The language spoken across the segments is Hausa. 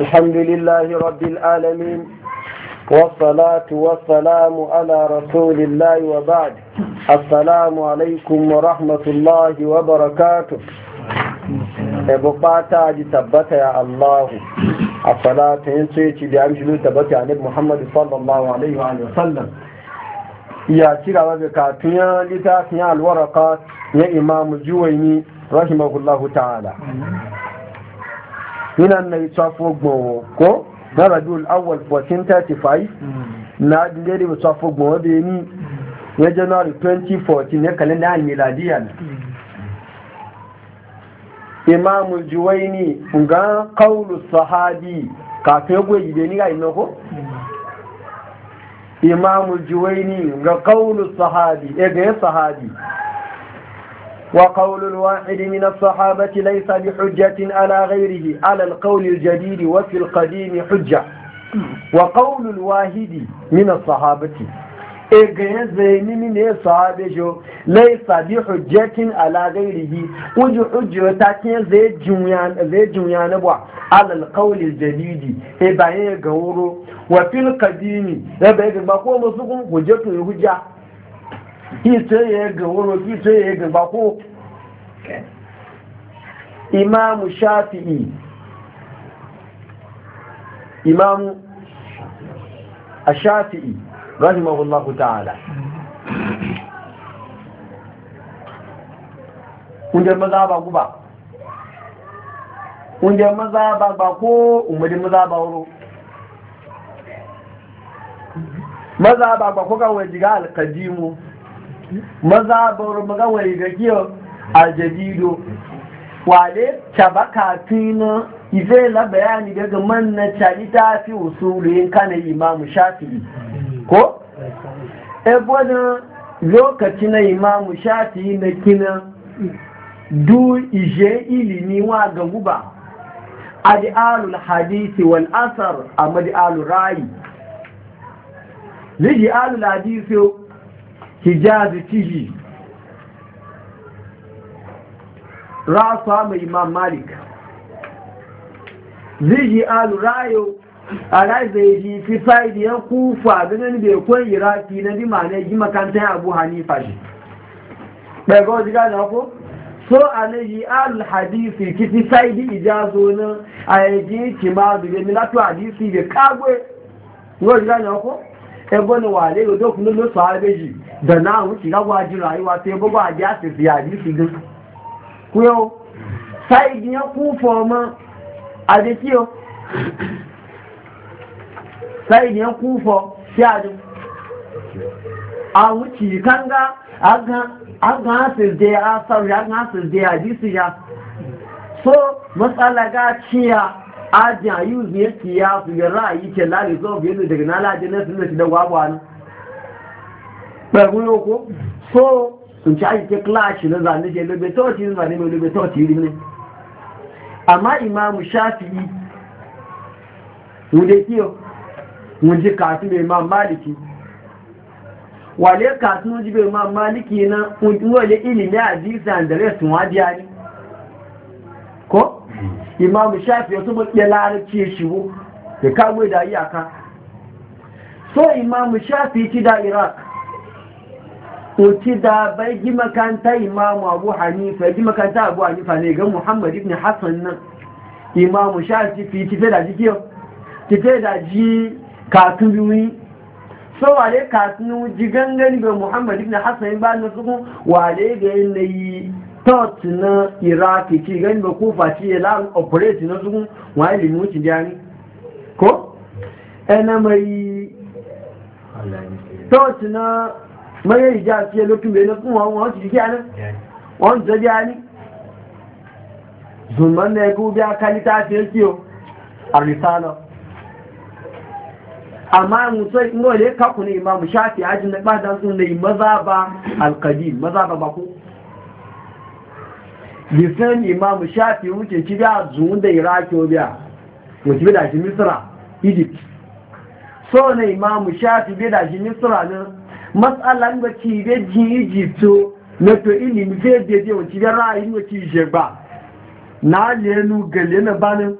الحمد لله رب العالمين والصلاة والسلام على رسول الله وبعد السلام عليكم ورحمة الله وبركاته أبو باتا جتبت يا الله الصلاة ينسيت بأمشلو تبت عن ابن محمد صلى الله عليه وسلم يا ترى وبركات يا لتاك يا الورقات يا إمام الجويني رحمه الله تعالى ina na yi tsafo gbowo ko na rabiul awal 1435 na dinde da tsafo gbowo da ni ya january 2014 ya kalin da miladiya juwai juwaini ga qawlu sahabi kafin gwaji da ni ga ina ko juwai mm. juwaini ga qawlu sahabi ya ga sahabi وقول الواحد من الصحابة ليس بحجة على غيره على القول الجديد وفي القديم حجة وقول الواحد من الصحابة إغنى زيني من الصحابة ليس بحجة على غيره وجو حجة تاكين زي جميان زي جميان بوا على القول الجديد إبعين غورو وفي القديم إبعين غورو وفي القديم حجة ita ya ga wuro ita ya ga bako imamu shafi'i imamu a shafi'i rahimahullahu ta'ala kundin maza ba guba kundin maza ba ba umarin maza ba wuro maza ba kawai jiga alkadimu maza bar magawai ga giyo a jadido wale caba kafin na la bayani daga man na cani ta fi usulin kana imamu shafi'i ko E lokaci na imamu shafi'i na kina du ije ilimi wa ga guba alul hadisi wal asar a madi'alul Liji alul hadisi hijazi tihi rasa mai imam malik ziji alu rayo a raizai ji fi saidiyan kufa ganin bai kwan iraki na dima na yi makantar abu hanifa shi ɗaga wajen na ko so alayi al-hadisi fi saidi ijazo na ma yaji kimadu ya milatu hadisi da kagwe wajen gane ko ẹgbọ́n wà lérò tó fún ló sọ àrẹ́bẹ́jì dọ̀nà àwọn ti gágbà jùlọ àríwá tí gbogbo àjẹ́ àṣẹ̀fẹ̀ àdífi gan pé ó sáìdì yẹn kún fún ọmọ àdétí ó sáìdì yẹn kún fọ sí àjọ àwọn ti kánga agan àṣẹ̀fẹ̀ àṣàrẹ̀ agan àṣẹ̀fẹ̀ àdífi ya so matsalaga ciya ajin a yi ne ya su yi ra'ayi ke lari zuwa biyu da daga nala ajin nasu da shi da gwagwa ne ɓargun yoko so sun ci aji ke klashi na zane ke lobe tauci ne zane mai lobe tauci ne amma imamu shafi'i wunde kiyo wunji kasu mai imam maliki wale kasu wunji mai imam maliki na wunji ilimi a jisa da resun wajiya ne ko imamu shafi wasu mulkiyar larabci ya shigo da kawo da iyaka so imamu shafi ci da iraq ci da bai gi makanta imamu abu hanifa gi makanta abu hanifa ne ga muhammad ibn hassan nan imamu shafi fi ci da ji kiyo ci da ji katun yi? so wale katun ji gangan ga muhammad ibn hassan ba na sukun wale ga yin na yi tọ́ọ̀tì na iraki ci gani ba kufa ya la'an operate na sun wani limu ci jami ko? ẹna mai tọ́ọ̀tì na mai ìjá sí ẹlòtún bẹ̀rẹ̀ fún wọn wọ́n ti jíkẹ́ aná wọ́n jọ jẹ́ aní zùnmọ́ na ẹkú bí akálítà ti ń kí o àrísá lọ amma musa ingo ne kakuni imam shafi ajin na ɓadan sun yi maza ba alkadi maza ba baku lisan imam shafi wuce ci da zuwa da iraki obiya wuce bi da shi misra egypt so na imam shafi bi da shi misra ne matsalan ba ci da ji egypt na to ilimi zai da je wuce da ra'ayi wuce je ba na lenu gale na banin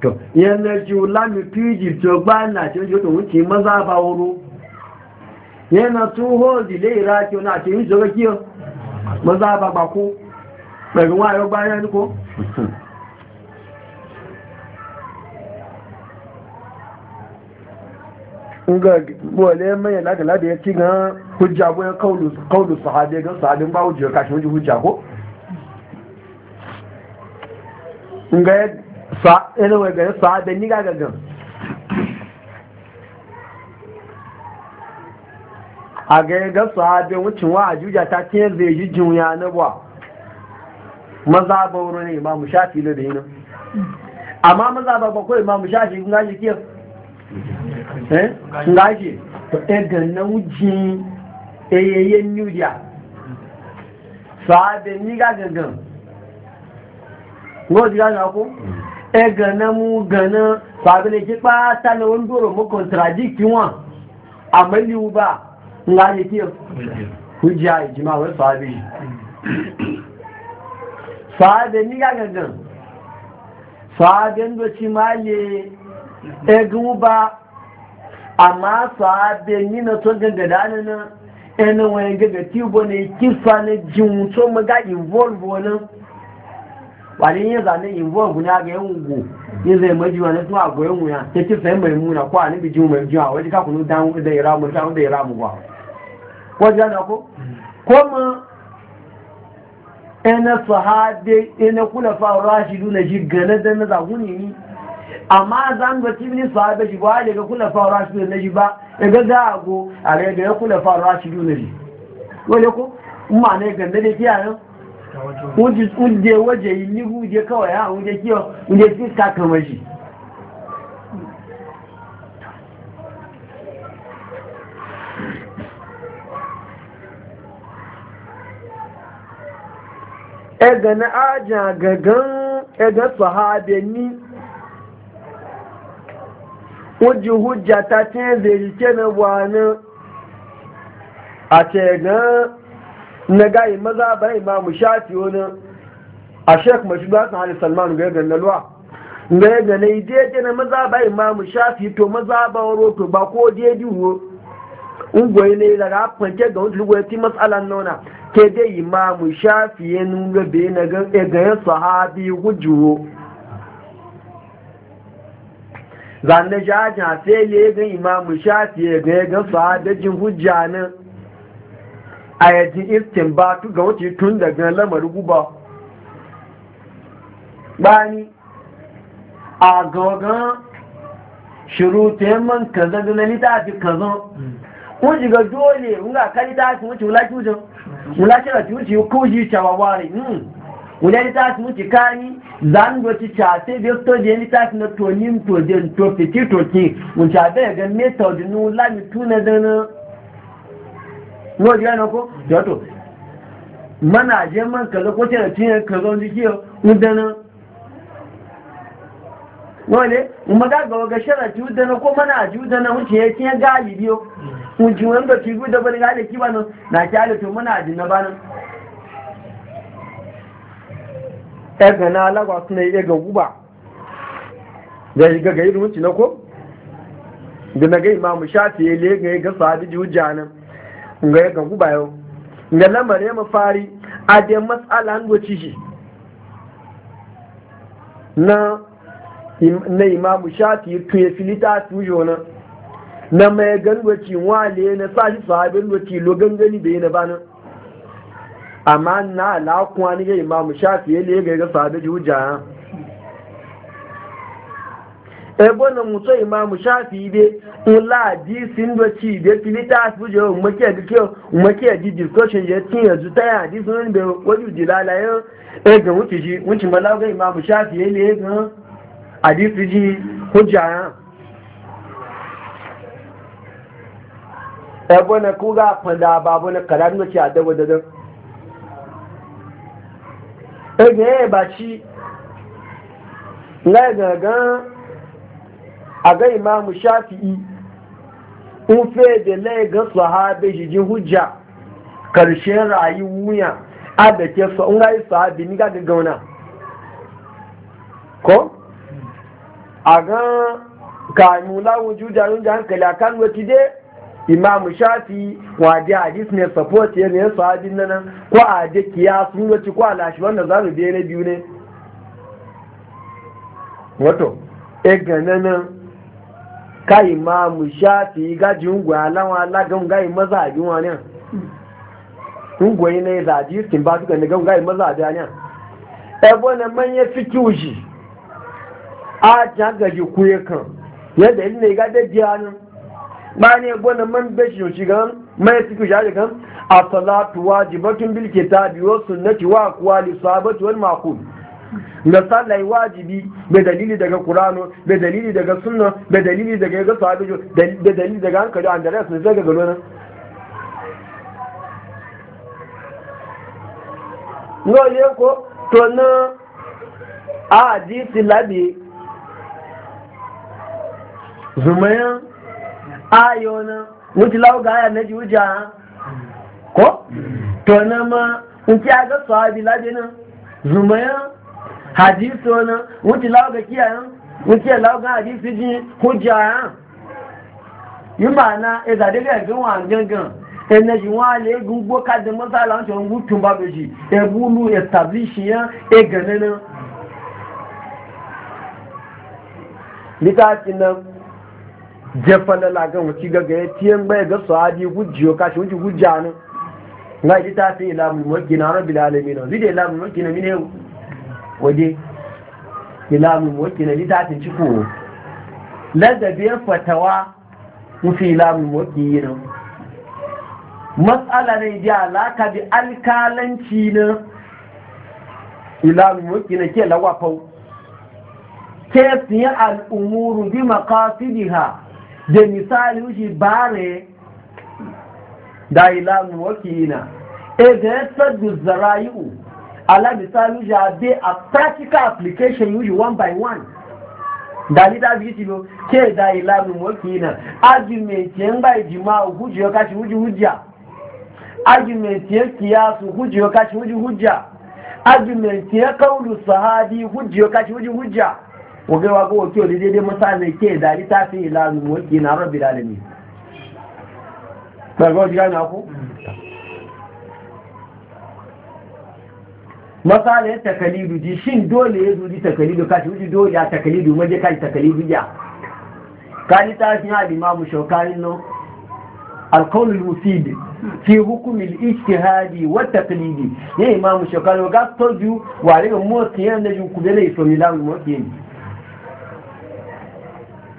to yan na ji ulami fi egypt ba na ce wuce to wuce maza ba wuru yana tuho dile iraki na ce yi jogakiyo maza bàbà kú pẹ̀lú wọn ayọ́ gbá yẹn kó ga wọlé mẹ́yẹ̀ lágàlá da ya ci gan hujja ko ya kaulu sahabe gan sahabin ba hujjar kashin hujji hujja ko Nga ya sa ina wai ga ya sahabe ni ga gan a gaiga sahabin wucin wa ajuja ta ce zai yi juya na buwa maza ba wuri ne imamu shafi da yi amma maza ba bakwai imamu shafi kun gaji kiyar eh kun gaji to ɗan eh, na wujin eh, ayayyen yudiya sahabin ni ga gangan ngo diga na ko e eh, gana mu gana sahabin ne ki ba ta na wani doro mu contradict wọn amaliu ba ńlá yìí kí hujja ìjìmá wẹ́ sọ́ábí yìí sọ́ábí ní gàgàgàn sọ́ábí ń lọ́tí máa yẹ ẹgbùn bá àmá sọ́ábí nínú tó gẹ̀gẹ̀ dánínú ẹnu wani yin zane involve guda ga yan ugu yin zai maji wani tun agoyen wuya ta ce sayan mai muna ko a nabi mai jiwa wajen kakunu da ya ramu ta wanda ramu ba ko ji ana ko kuma ina sahabe ina kula shi rashidu na jigana da na zaguni ni amma zan ga su sahabe shi ba daga kula fa shi na ji ba daga zago a daga ya kula fara rashidu na ji wale ko ma ne ganda da kiyayen wuje waje yi ni wuje kawai ha wuje kiyo wuje fiska kamar shi ẹgbẹ̀ na ajin agagan ẹgbẹ̀ sahabe ni wujin hujja ta ce zai na wani a ce gan na gayi maza bai imamu shafi wani a shek mashiga sun hali salmanu ga yadda nalwa ga yadda na yi jeje na maza bai ma shafi to maza ba waro to ba ko jeji wuro ungoyi ne daga fanke ga wani lugu ya ti matsalan nona ke da imamu shafi ya nuna bai na ganin eh, sahabi hujjuwo zanne jaja sai le ga imamu shafi ya ga ga sahabijin hujja nan a yajin tu ga wuce tun daga lamar guba bani a gagan shirutun man kaza da na littafi kaza mm. kun shiga dole kun ga ka littafi wuce wula kyujan wula ce da tuci kuji cawawari wula hmm. ni su muke kani zan doci case bi to je ni ta na to nim to je to fiti to ki mun cha be ga me to di nu la mi tu na da na no je na ko yo to mana je man ka ko ce da tin ka zo ji ki mun da na wale mun ga ga ga shara ju na ko mana ju dana, na mun ce ya ga yi biyo kunci wanda ci gudu da bari gane kiba nan na kyale to muna ajin na banan ɗaga na alagwa suna yi ga guba da shiga ga irin wuce na ko da na ga imamu shafi ya le ga ga sahabi ji hujja nan ga ga guba yau ga lamar ya mafari a da matsala an goci shi na imamu shafi tuye filita tuyo nan na mai gangoci wale na sashi sahabin lokaci lo gangani da yi na bana amma na alakuwa ni ga imamu shafi ya ga ga sahabi juja ebo na mutu imamu shafi be ula di sin do ci be filita su je umake da Umaki, umake di discussion je tin yanzu ta ya di sun be waju dilala yo e ga wuci ji wuci malaga imamu shafi ya le ga hadisi ji hujja ebe na kuga fada babu na karar mace a dawo da don ege ya ba ci na gaga a ga imamu yi. in fe da na ga sahabe jijin hujja karshen wuya a da ke so in ga yi sahabi ni ga gaggauna ko a ga juja wujuda da hankali a kan wata dai imam shafi wa da hadis ne support ya ne sahabin nan ko a da kiyas mun wace ko alashi wannan za mu biye na biyu ne wato e ganana ka imam shafi ga jungu alawa lagan ga mazhabin wani kungoyi ne da jiskin ba suka ne ga ga mazhabin wani e bona manye fikiuji a jagaji kuye kan yadda ne ga da jiyanin bani gona man bashi yau shigan mai tiku ya shigan as-salatu wajibatun bil kitabi wa sunnati wa aqwali sahabati wal maqul da sallai wajibi da dalili daga qur'ano da dalili daga sunna da dalili daga ga sabijo da dalili daga hankali an da rasul daga gano nan ngole ko to na a hadisi labi zumayan ayo na wuce lauga ya na juja ko to na ma in ki aga sahabi labe na zumaya hadiso na wuce lauga kiyayen wuce lauga hadisi ji hujja yi na e ya zade ga gan wa gangan ene ji wọn alẹ egun gbó káde mọsálà ń sọrọ ngú tún bá bèjì egun establish yẹn egẹ nínú. nígbà tí jefala lagan wuci gaga ya tiyan bai ga sahabi hujjiyo kashi wuci hujja ne na ji ta fi ilamun mulki na rabbi alamin na zide ilamun mulki na mine waje ilamun mulki na ji ta fi ciko ladabiyar fatawa mufi ilamun mulki yi na matsala ne ji alaka bi alkalanci na ilamun mulki na ke lagwafau ke fiye al'umuru bi makasidiha da misali wuce ba ne da ilamu wakilina e ga ya saddu zara'i'u ala misali wuce a be a practical application wuce one by one da ni da biyu tilo ke da ilamu wakilina argument yan ba ijima hujji ya kashi hujji hujja argument yan kiyasu hujji ya kashi hujji hujja argument yan kaulu sahabi hujji ya kashi hujji hujja wage wa gowa kyau da daidai mutane ke da ta fi ilalu wake na rabbi lalami daga wajen gani ku masala takalidu ji shin dole ya zuri takalidu kashi wuce dole ya takalidu maje kashi takalidu ya kani ta fi hali mamu shaukarin nan القول المفيد في حكم الاجتهاد والتقليد يا امام الشوكاني وقال تجو وعليه موت ينجو كبيره يسوي لا موت ينجو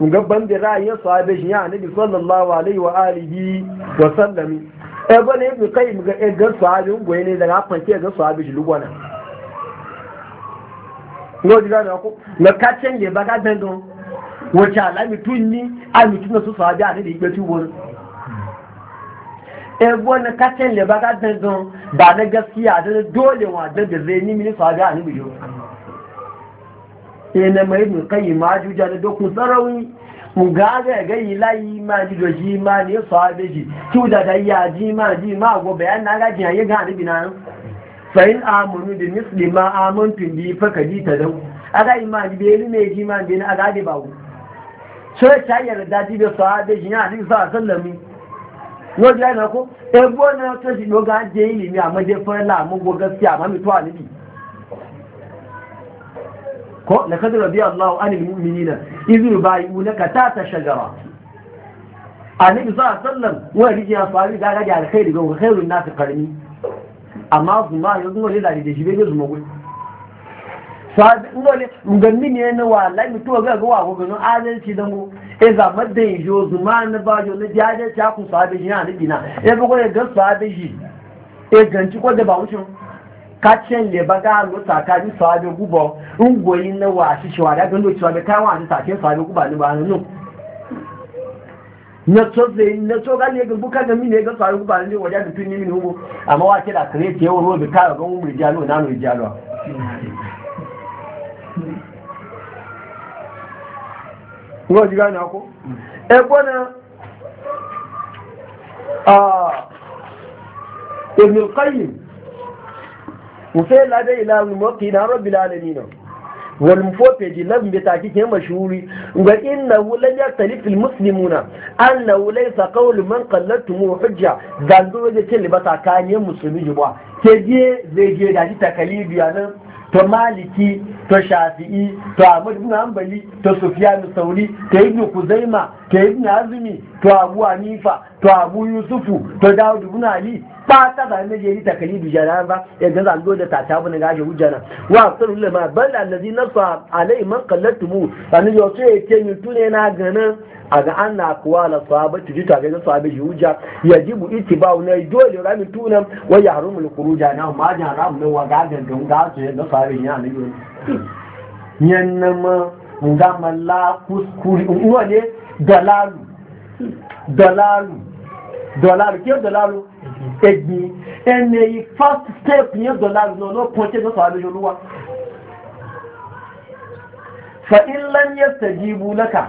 gaban da ra'ayin sahabe shi ya annabi sallallahu alaihi wa alihi wa sallam e bane kai qayyim ga e ga sahabe goyi ne daga fanke ga sahabe shi lugwana ngo diga na ko na kacen ge baga dando wace alami tunni ami tunna su sahabe annabi igbe tubo e bone kacen le baga dando ba na gaskiya da dole wa da zai ni mini sahabe annabi yo yana mai ibn qayyim majuja da dokun sarawi mu ga ga gai ilayi ma ji do ji ma ne sahabe ji ki da da ya ji ma ji ma go bayan na ga ji ya ga annabi na fa in amunu bi misli ma amuntu bi fa kaji ta dau aga imani be ne ji ma be na aga de bawo so ta yarda ji be sahabe ji na ni sa sallami yo ji na ko e bo na to ji do ga je ilimi amma je fa la mu go gaskiya ma mi to alibi ko na kadar rabi Allah an ilmuminina izu bayi unaka ta ta shagara annabi sa sallam wa ya fari ga gaji alkhairi ga khairun nasu karmi amma zuma yanzu ne da da shi bai zuma gudu sabi ngole ngambi ne na wala mi to ga ga wa ga no adalci da mu e za madan yo zuma na ba yo na jaje ta ku sabe ji na bina e bugo ne ga sabe ji e ganci ko da ba wucin kacin le ba ga lo tsakani sabe gubo ungoyi na wa shi shi wada ka da kai wani take sabe guba ni ba nan na na to ga ne ga buka ga mine ga sabe guba ni wajen da tun ni amma wa kira kare ce yau robe ka ga mu rijalo na no ji ga na ko e na. mufe lade ila mulki na la alamin wal mufafiji lam bi ke mashhuri wa innahu lan yaktalif al muslimuna annahu laysa qawl man qallatumu hujja dan do je ce libata kanye muslimi ba ke je zai je da ji takalibi anan to maliki to shafi'i to ahmad ibn hanbali to sufyan sauri to ibn kuzaima to ibn azmi to abu Anifa, to abu yusufu to Dawudu ibn ali ba ta ba ne je ni bi jana ba ya ga zango da tata ga gaje hujjana wa sallu lama bal allazi nasa alai man qallatumu sani yo ce ke ni tune na gana a ga an na kuwa la sahaba tuji ta ga sahabi ji hujja yajibu itibau ne dole rami tunan wa al khuruja na ma ja ram ne wa ga ga don ga ce da sahabi ya ne yan ma ga la kuskuri uwa ne dalalu dalalu dalalu ke dalalu ẹgbin ẹni èyí first step yẹn dọ̀là náà ló pọ́n tí lọ́sọ̀ àlejò olúwa fa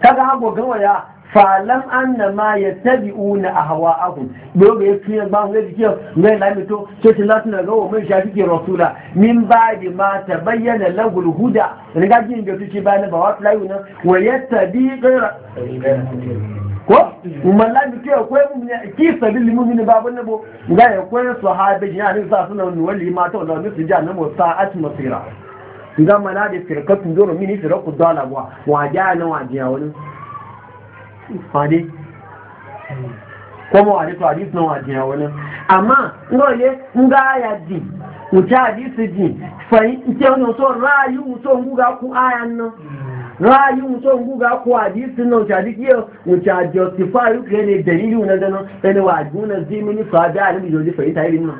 kaga hago gawa ya falam anna ma yattabi'una ahwa'ahum dogo yafi ba ne dike ne la mito to tin lati na gawo mai shafi ke rasula min ba'di ma tabayyana lahu al-huda riga jin da tuci ba na ba wasu layu na wa yattabi ghayra ko la mi ke ko mu ne ki sabil mu'min babu ne bo ga ya ko sahabi ya ne sa wali ma to da su ja na mu sa'at masira idan mana da firkatun doro mini firku dala wa wa ja na wa ja wani fadi ko mu to hadis na wa ja wani amma ngole nga ya di uta di fa so so nguga ku ra'ayi mutum guga ko hadisi nan ta dike mu ta justify ne dalili na dano sai wa guna zimini sahabi alim joji fahimta irin nan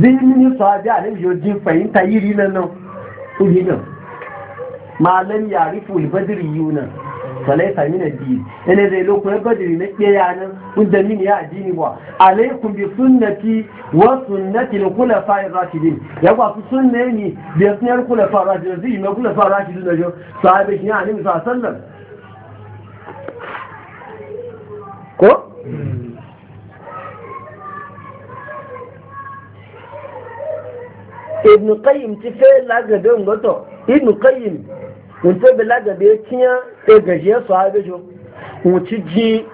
zimini sahabi alim joji fahimta irin nan nan ku yi nan malam yarifu falai sami na biyu yana zai lokacin gadiri ne ke yanar wanda min ya addini ba alaikum bi sunnati wa sunnati na kula fa'in rashidin ya ba su sunne ni bi sunyar kula fa'in rashidin zai mai kula fa'in rashidin da jo sahabi shi ya alim sa sallam ko ibn qayyim ti fe Goto, ibn qayyim wunce bila gabe kiya sai gajiyar su haɗe jo wuce ji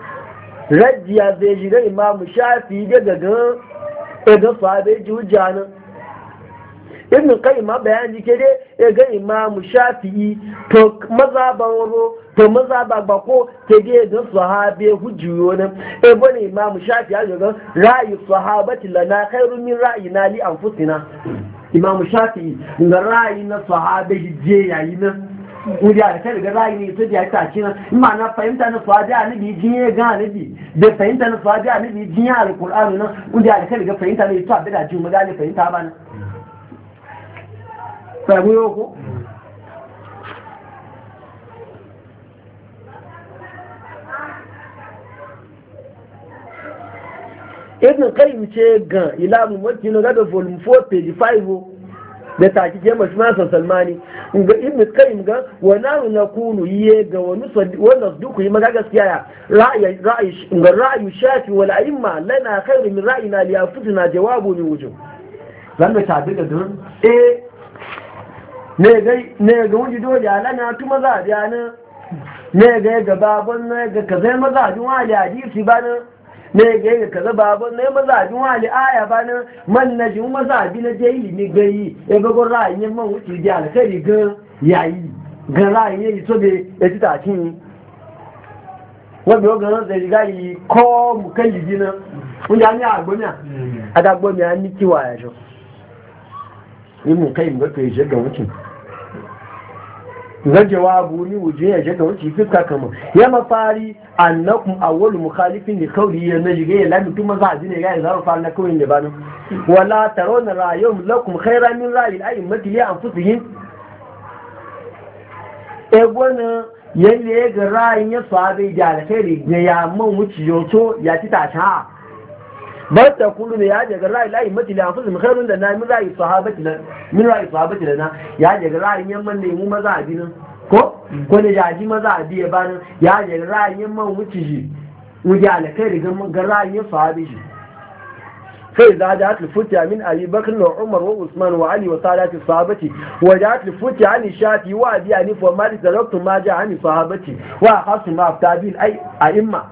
rajiya zai ji rai ma shafi ga gagan ɗaga su haɗe ji hujjanin ibn kai ma bayan ji kere ya ga imam shafi'i to maza ban ro to maza ba ba ko ke ga ga sahabe hujjuyo ne e bane imam shafi'i ga ra'yi e e sahabati lana khairu min ra'yina li anfusina imam Shafi, ga ra'yi na sahabe je yayi na. wuya da ta riga ra'ayi ta da ta kina na ma na fahimta na sahabi annabi jiye ga annabi da fahimta na sahabi annabi jiye alqur'ani na wuya da ta riga fahimta ne to abin da ji mu gane fahimta ba na sai mu ko ibn qayyim ce ga ila mu mutin ga da volume 4 page 5 da taki ke masu masa salmani ga ibn kai ga wa na kunu ye ga wani wanda duku yi maka gaskiya ya ra'ayi ga ra'ayi shafi wal a'imma lana khairu min ra'ina li na jawabu min wujuh zan da tabi da dun eh ne ga ne ga wani dole lana tuma za a biya ne ga ga babon ne ga kazai maza jin wani hadisi ba ne ne ga yi kaza babu ne mazabin wali aya ba na man na na mazabi na je ilimi gayi na ga gon ra'ayin man wuce da alkhairi ga yayi ga ra'ayin yayi so be ya ci ta kin wọ́n bí ó gan-an ṣe ìgbà na kọ́ mùkẹ́lì bí náà oúnjẹ a ní àgbómi àdágbómi a ní kíwà ẹ̀ṣọ́ ní mùkẹ́lì mọ́tò ìṣẹ́gbẹ̀wọ́n kìí ga jawabu ni wuje ya jaga wuce fuska kama ya mafari annakum awwalu mukhalifin li qawli ya najiga ya lami tuma maza ajine ga ya zaru fa na kawin libanu wala tarawna ra'yum lakum khayran min ra'yi al-a'immati li anfusihim e gwana yalle ga ra'yin ya sahabe da alkhairi ne ya man wuce yoto ya ci tasha ba ta kullu ne ya daga ra'ayi layi mati la hafiz khairun da na min ra'ayi sahabati na min ra'ayi sahabati na ya daga ra'ayin yamman ne mu maza abi nan ko ko ne ya ji maza abi ya bani ya je daga ra'ayin yamman wuce shi wuce alakai da ga ra'ayin sahabi shi sai za da atli futiya min abi bakr wa umar wa usman wa ali wa salati sahabati wa da atli futiya ni shafi wa abi ani fa mali taraktu ma ja ani sahabati wa hasu ma tabi'in ai a'imma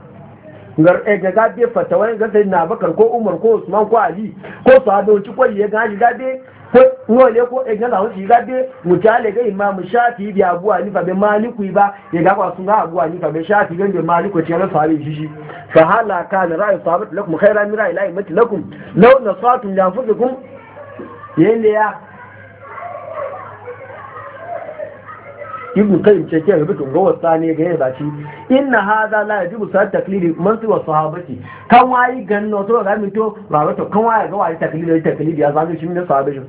E ga gabe fatawa ga sai na bakar ko umar ko usman ko ali ko sahaboci ko ya gaji gabe ko nole ko e gaza wuci gabe mutale ga imam shafi bi abu ali fa be maliku ba ya ga kwasu ga abu ali fa be shafi ga be maliku ce ran sahabi shi shi fa hala kana ra'yu sahabat lakum khairan min ra'yi lakum law nasatum yanfusukum yanda ya ibn qayyim ce ke rubutu ga sani ga yaba ci inna hadha la yajibu sa taklidi man wa sahabati kan wayi ganno to ga mito to kan wayi ga wayi taklidi taklidi ya zabi shi ne sahabi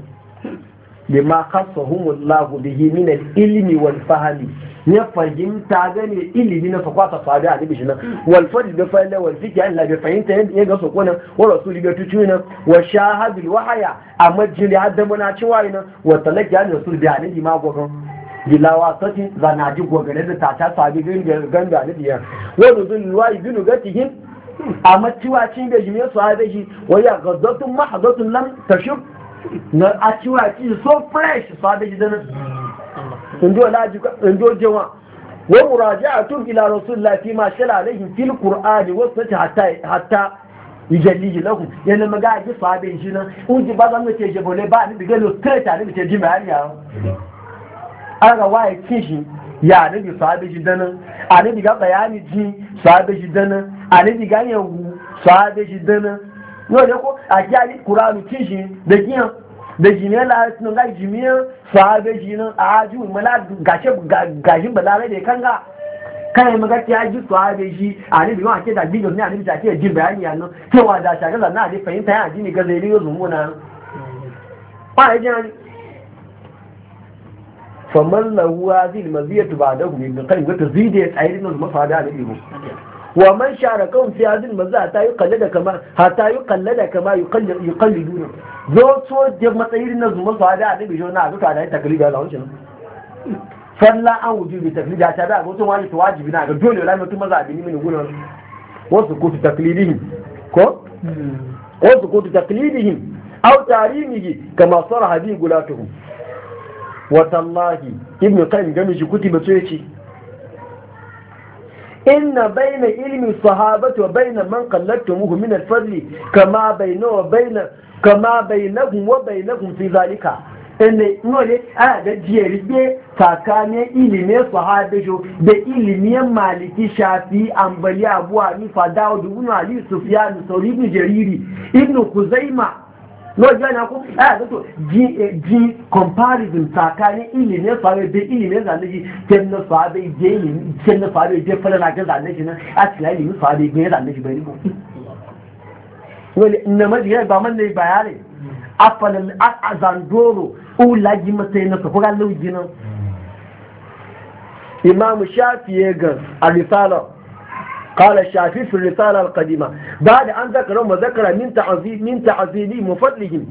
bima khassahumullahu bihi min al-ilmi wal fahmi ya fahimta gane ilimi na su kwasa sabi a nabi shinan walfadi da fa'ila fiki an labe fahimta yadda ya ga so kona wa rasul bai tuci nan wa shahadul wahaya a jili hadda muna ci wayi nan wa talaki an rasul bi a ma gogon gilawa sati zana ji gogare da tata sabi ganga da biyar wani zun luwa ibinu nuga tihin a maciwa cin da jimiyar su haɗe shi wai ya gazzatun mahazatun nan ta shi na a ciwa ci so fresh su haɗe shi dana in wani jewa wa tun ila rasulillah fi ma shala alaihim fil qur'ani wa sati hatta hatta yijalliji lahu yana magaji ji shi na uji ba zan ce jebole ba ni bigelo lo straight ani bi ce jima'a ya an ga rawaye kishi ya nabi sahabe shi dana a nabi ga bayani ji sahabe shi dana a nabi ga yangu sahabe shi dana yau da ko a ji ali kuranu kishi da kiyan da jimiyar larabci nan ga jimiyar sahabe shi a haji umala gashe gashin balare da kan ga kai maga ta ji sahabe shi a nabi ma ke da bidiyo ne a nabi ta jin bayani ya nan cewa da shagala na da fahimta ya ji ne ga zai riyo zumuna ba ya ji faman lahu hadhihi al-maziyatu ba'dahu min qayyim wa tazidi al-ayrin al-mafada alayhi wa man sharaka fi hadhihi al-maziyati ta yuqallida kama hatta yuqallida kama zo so matsayin na zuma fada alayhi jo na duka da taklifi Allah wancan falla an wujubi taklifi ta da go to wani to wajibi na ga dole la mutum maza bi ni min gunan wasu taklidihim ko wasu taklidihim aw tarimihi kama watallahi ibn qayyim gami shi kuti ba ce inna bayna ilmi sahabati wa bayna man qallatuhu min al fadl kama bayna wa bayna kama bainahum wa bainahum fi zalika inna nole a da jiyar be tsakanin ilimin sahabijo da ilimin maliki shafi ambali abu hanifa fadawu ibn ali sufyan sauri ibn jariri ibn kuzaima lọ́jọ́ ẹ̀yà kú ẹ̀yàtọ́tò eh, di comparison tsakanin ilimin farabe ilimin zanayi jẹ́nà farabe jẹ́ ilimin jẹ́nà farabe jẹ́ fẹ́lẹ́lájẹ́ zanayi na àti láì ilimin farabe gbé zanayi bẹ̀rẹ̀ a wọ́n na mẹ́jì yẹn gbàmọ́ ní bayani afanin azandoro ulaji masai na safura lauji na imam shafi ye gan a قال الشافعي في الرسالة القديمة بعد أن ذكر وذكر من تعظيم من تعظيمهم وفضلهم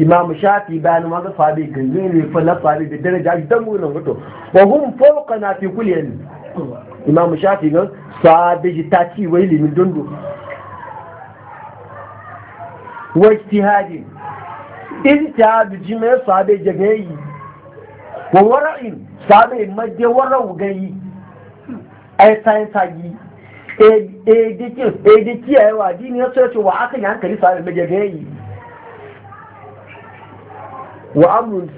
إمام الشافعي بان ما صحابي كنين يفلا صحابي بالدرجة دمو وتو وهم فوقنا في كل يوم إمام الشافعي قال صحابي تاتي ويلي من دندو واجتهاد اجتهاد جميع صحابي جميعي وورع صحابي مجد ورع وغيي ai sagi e da dini ya soce wa aka yi hankali sa da gagayi wa amrun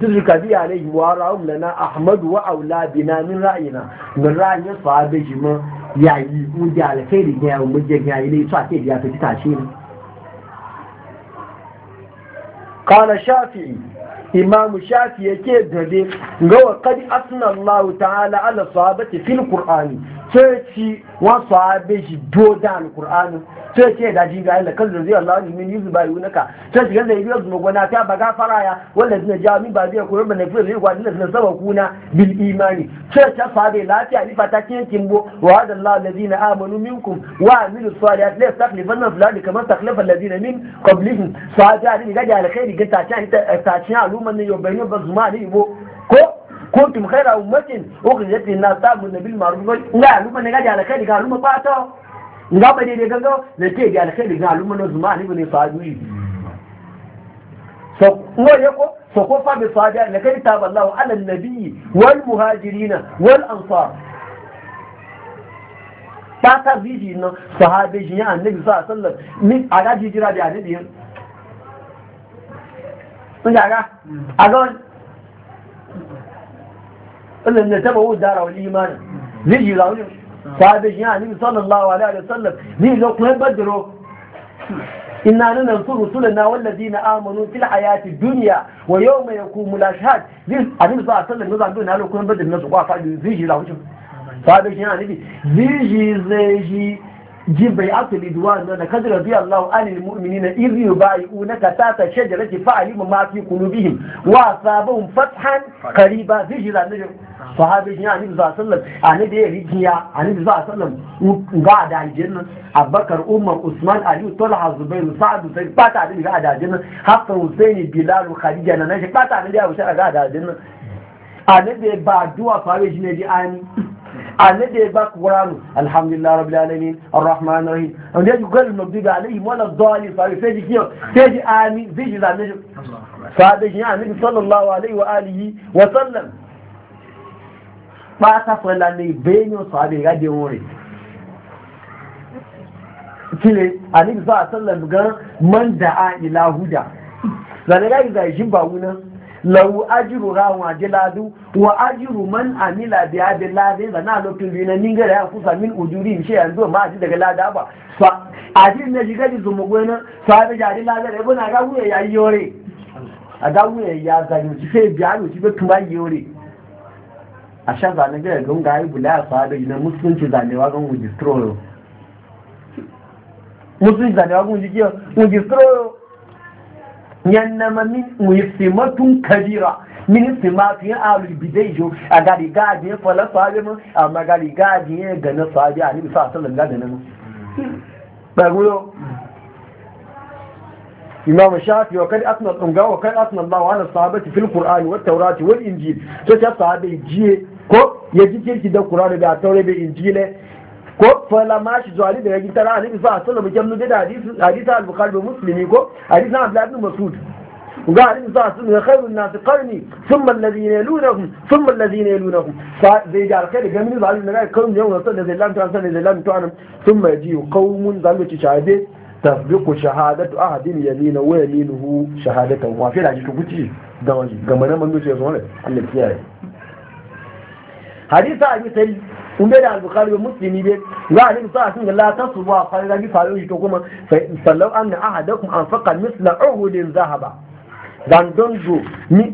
tudrika bi alayhi wa ra'um lana ahmad wa aula min ra'ina min ra'ayin sahabe yayi mu da alkhairi ne mu je ta ne qala shafi'i Imamu shafi yake dade ga wa qad asna ta'ala ala sahabati fil qur'ani sai ci wa sahabe shi do da al sai ce da ji ga Allah kan zai Allah ni min yuzu bayu naka sai shiga da zuma gona ta baka faraya wanda zai ja mi ba zai ko ban nafi zai gwa dinna sun kuna bil imani sai ta lafiya ni fata wa hada Allah alladhina amanu minkum wa amilu salihat la a fil ardi kama alladhina min qablihim ta ni ga da alkhairi ga ta ta ta ci aluman ne yo ba zuma ni bo ko kuntum ummatin ukhrijat lin nas bil ma'ruf wa da alkhairi ga ba ta nga ba daidai ganga na ke ga alkhairi ga alumma na zuma ni bane sahabi so ngo yako so ko fa bi sahabi na kai ta ballahu ala nabi wal muhajirin wal ansar ta ta biji no sahabe, ji annabi sallallahu alaihi wasallam ni aga jira da annabi sun ga aga aga wannan ne ta wu dara wal iman zai yi rauni sahabe shi annabi sallallahu alaihi wasallam ni lo bedir o inna nansuru rusulana wallazina amanu fil hayati dunya ve yawma yakumul ashhad this annabi sallallahu alaihi wasallam zan na lo ne badro bedir ne kwa fadi ziji la wucin sahabe shi annabi ziji ziji jibai atul idwan da kad radiyallahu anil mu'minina idh yubayi'unaka tata shajarati fa'alima ma fi qulubihim wa asabahum fathan qariba zijra najm sahabi ya annabi sallallahu alaihi wasallam annabi ya rijiya annabi sallallahu alaihi wasallam ga da aljanna abubakar umar usman ali talha zubairu sa'd sai pata da ga da aljanna hatta husaini bilal khadija na nashi pata da ya wuce ga da aljanna annabi ba duwa fare shi ne di ani annabi ya baka qur'anu alhamdulillah rabbil alamin arrahmanir rahim wanda ya gugal mabduga alaihi wala dhalin sai sai ji sai ji ami zai ji zanne sabe ji annabi sallallahu alaihi wa alihi wa sallam ba ta fala ne benyo sabe ga de wore kile annabi sallallahu alaihi wa sallam ga man da'a ila huda ga jin ba wuna. lau ajiru rawun aji ladu wa ajiru man amila biya bi ladin zana lokacin biyu na ningara ya kusa min ujuri in ce yanzu ma aji daga lada ba aji na shiga da zumugwena sabi jari lada da ibuna ga wuya ya yi yore a ga wuya ya sai biya ne ci bai tuma yore a sha zane gaya don ga yi bula ya sabi musulunci musulunci yannama min muyissimatun kabira min simatu ya alu bidai jo a gari gaji ya fala sahabi mu amma gari gadi ya gana sahabi a nabi sallallahu alaihi wasallam na mu bagulo imam shafi wa kad asna dunga wa kai asna Allah ala sahabati fil qur'an wa tawrat wal injil to ta sahabi jiye ko ya ji kirki da qur'ani da tawrat da injile ko fala ma shi zuwa da ya gitara a nabi sa'a sallama kyan da hadisa al-bukhari da musulmi ko hadisa abdullahi ibn masud ga hadisa sa'a sallama ya khairu nas qarni thumma alladhina yalunahum thumma alladhina yalunahum fa zai ga alkai da gamin zalim da kai kan yau da da zai lamta san da zai lamta an thumma yaji qaumun zalim ci shahade tasbiqu shahadatu ahadin yamina wa yaminuhu shahadatan wa fi da ji tukuci da wani ga manan manzo sai zo ne Allah kiyaye hadisa abi sai in bai da al-bukhari ba muslimi bai za a nufi sa'a sun ga latarsu ba a fari rabi faru shi to kuma sallau an na ahadakum an faka misla uhudin zahaba dan don go mi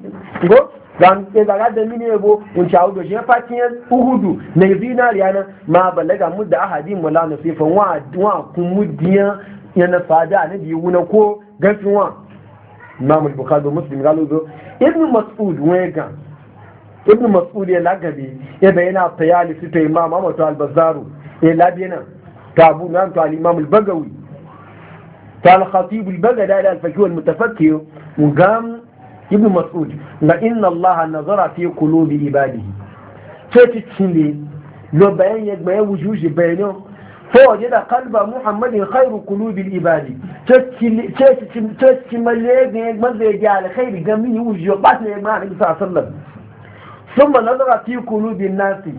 go dan ke daga da mini yabo un ci audo je fatin uhudu ne zinariya na ma balaga mudda ahadin wala nasifa wa wa kun mudiya yana fada ne biyu wuna ko gafin wa imam al-bukhari muslim galudo ibn mas'ud wega ibn mas'ud ya lagabe ya bayyana tayali fi tayi imam Ahmad al-Bazzaru ya labena tabu nan to al-Imam al-Bagawi ta al-Khatib al-Baghdadi al-Fakih al-Mutafakkir mugam ibn mas'ud la inna Allah nazara fi qulubi ibadihi sai tsinde lo bayan ya gbaye wujuji bayano فوجد قلب محمد خير قلوب العباد تتملي من زي على خير جميل وجه بس ما عليه صلى الله عليه وسلم sun ba zara fi kulubin nasi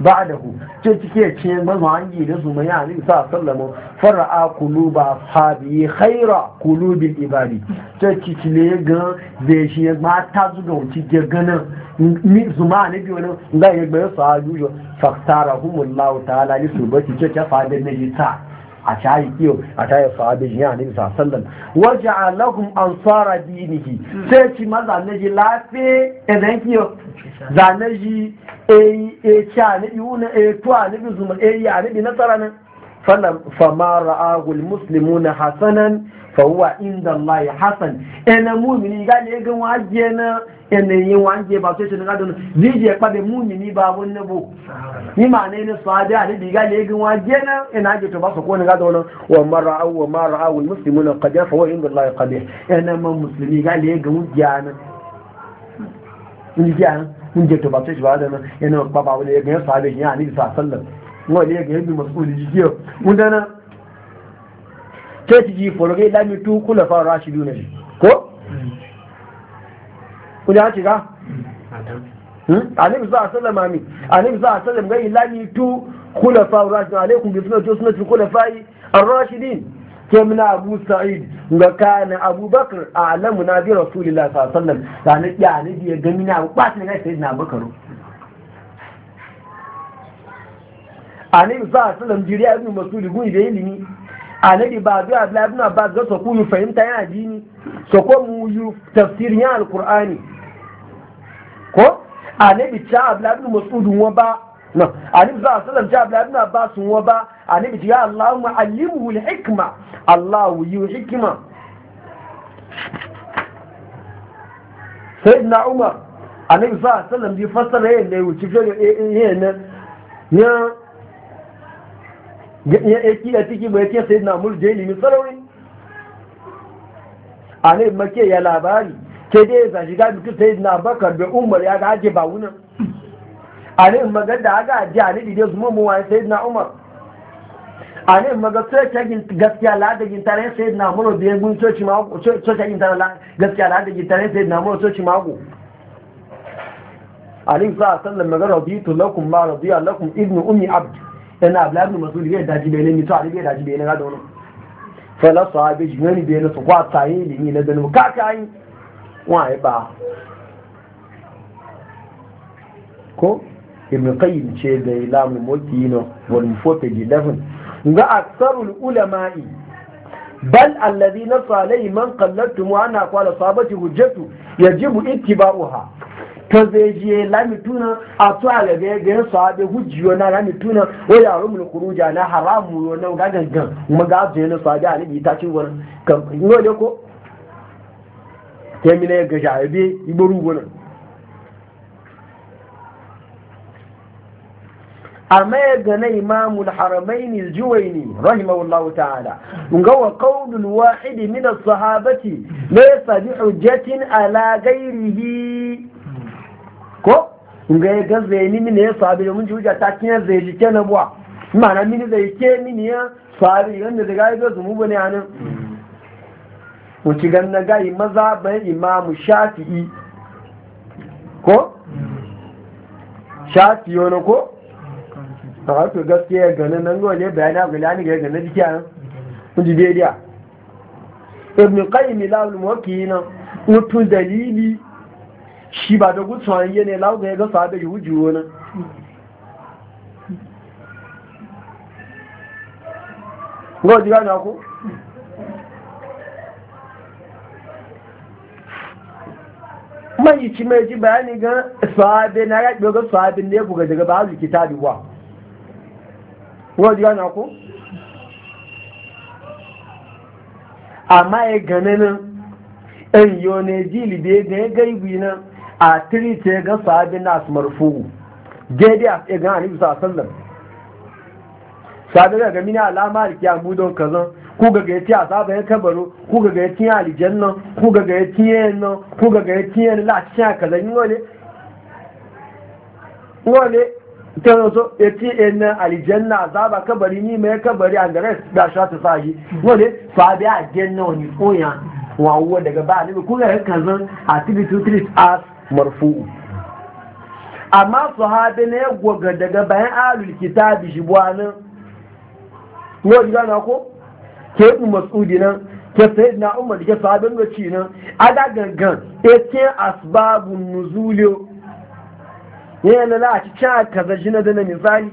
ba da ku ce cike ce mazu hangi da su mai hannu sa sallama fara'a kuluba sabi khaira kulubin ibadi ce cike ne ga zai shi ya ta zuga wuce ga ganin zuma ne biyu ne za a yi gbayar su a jujo faktara humullahu ta'ala ni su ba ce ce fadin na yi ta a shayi kiyo a tayar sahabi ya a nisa sallan waje alahun ansara dinihi sai ci ma zane ji lafi idan kiyo zanaji ji e cha ne nabi wuna e tuwa a nabi zuma e yi a nabi nasara nan fama ra'ahul muslimuna hasanan fawwa inda Allah ya hasan ene mumini ga ne ga waje na yin waje ba sai tunaga don zije kwabe mumini ba ni ma ne ne ne ga waje na ga to ba su ko ne ga don wa mar'a wa mar'a muslimuna qad yafa wa inda Allah ma muslimi ga ne ga wujana je to ba sai ba da ba ba wani ga sa sallan ne ga yi mas'uli ta ci ji forogai lami tu kula fara rashi biyu ne ko? kuna ya shiga? alif za a sallama mi alif za a sallama gai lami tu kula fara rashi biyu alaikum bi suna to suna ci kula fari an rashidin kemna abu sa'id ga kana abubakar a alamu na bi rasulillah sallallahu alaihi wasallam da na ƙyanabi ya gami na ba su ne ga sayyidina abubakar a ne za a sallam jiriya ibn masudi guni da ilimi alade ba zuwa abdullahi ibn abbas ga so ku yi fahimta ya addini so ko mu yi tafsirin ya alqur'ani ko anabi cha abdullahi ibn mas'ud wa ba no anabi za sallam cha abdullahi ibn abbas wa ba anabi ya allahumma allimhu alhikma allah yi hikma na umar anabi za sallam bi fasara yayin da ya wuce yayin ya ya aiki a ciki mai ce sai na murje ilimin sarari a ne make ya labari ke dai ya zashi ga mutu sai na bakar da umar ya ga ake ba wunan a ne magar da aka aji a ne bidiyar zuma mu wani sai na umar a ne magar sojagin gaskiya ladagin tare sai na muro da ya gun soci mako sojagin tare gaskiya ladagin tare sai na muro soci mako alim sa sallan magar rabitu lakum ma radiya lakum ibnu ummi abdi ẹna abúláàbù mọ̀sùn ìgbé ìdájí bẹ̀ẹ́lẹ́ mi tó àdébẹ̀ ìdájí bẹ̀ẹ́lẹ́ rádọ́ náà fẹ́lá sọ abẹ́ jù mẹ́rin bẹ̀ẹ́lẹ́ sọ kó àtàyè lè ní ẹlẹ́gbẹ̀ẹ́ náà káàkiri wọn àyè ba ko ibn qayyim ce da ilamu mokino volume 4 11 ga aksarul ulama'i bal alladhi na alayhi man qallatumu ana ba sahabati hujjatu ya ji yajibu ittiba'uha to zai lami tuna, a to a ga ga abe so a be tuna, na wa ya rumul khuruja na haramu yo na ga ganga mu ga je na so a ga ni ta ci wona kan yo ne ko kemi ne ga bi iboru wona amma ya gane imamu al-haramaini al-juwaini rahimahullahu ta'ala ga wa qawlul wahid min as-sahabati laysa bi hujjatin ala ghairihi ko nga ya ga zai ni mini ya sabi mun juja ta kiyar zai jike na buwa mana mini zai ke mini ya sabi yadda da ga ga zumu bane anan wuce gan na ga maza bai imamu shafi'i ko yi wani ko a wato gaskiya ganin nan ga wani bayani a gulani ga ganin jiki anan kun ji daidai ibn qayyim ilal muwakkilina wutu dalili shi ba da gutsuwan yi ne ya gasa da wani ga gani mai mai ji bayani ga sahabe na ya ɗoga sahabin da buga daga ba zuki ta duwa gani amma ya ganin da ya gaibi nan a tiri ce ga sahabi na su marfu daidai a tsaye ga annabi sallam sahabi ga mini alama da kiyar don kazan ku ga gaiti a sabon ya kabaro ku ga a alijan nan ku ga a tiya nan ku ga a tiya lati a kazan yi ngole yi so ya ci in aljanna zaba kabari ni mai kabari a gare da sha ta sahi ngole sabi a janna wani koya wawo daga ba ne ku ga kazan a treat as marfu'u amma sahabi ne goga daga bayan alul kitabi shi buwanin yau na ko ke ibn mas'udi nan ke sayyid na umar ke sahabin da ci nan ada gangan ake e asbabun nuzulio yana na a ci cin kaza shi na dana misali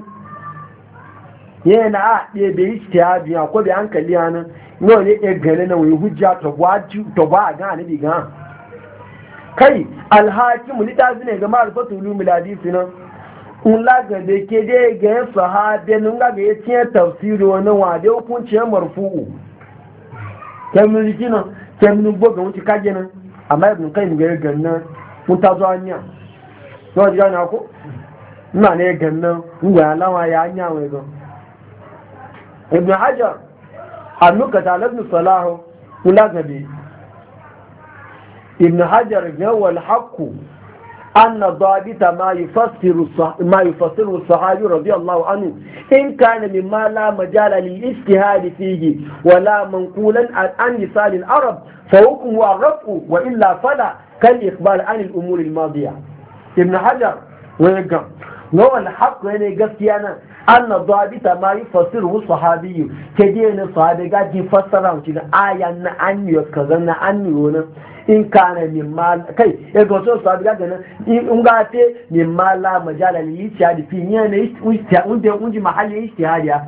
yana a ɗaya bai yi tiyabi ko bai hankali nan yau ne ya e gane na wani hujja ta gwa a gan anabi gan kai alhaki mu littafi ne ga ma'arifatu ulu miladi sinan un laga da ke dai ga yin sahabe nun laga ya tiye tafsiri wani wade hukunci hukunciyar marfu'u kemi riki nan kemi kemnu ga wuce kage nan amma ibn kai ga gannan mun ta zo hanya yau ji gane ko ina ne gannan ngwa alawa ya hanya wai ga ibn hajar annuka lafi salahu kula gabe ibn hajar yau alhaku an na zaɓita ma yi fasiru sahayu rabi in ka ne min ma la majala li istihadi fihi wa la manqulan an misalin arab fa hukmu wa rafu wa illa fala kal ikbal an al umur ibn hajar wa na wani ne gaskiya nan an na zuwa bisa ma yi fasir wu sahabiyu ke je ne sahabi gaji fassara wuce da ayan na an yi kaza na an yi in ka na ma kai ya ga wasu sahabi gaji nan in ga te ma la majalar yi tiyadi fi yi ne unji mahalli yi tiyadi ya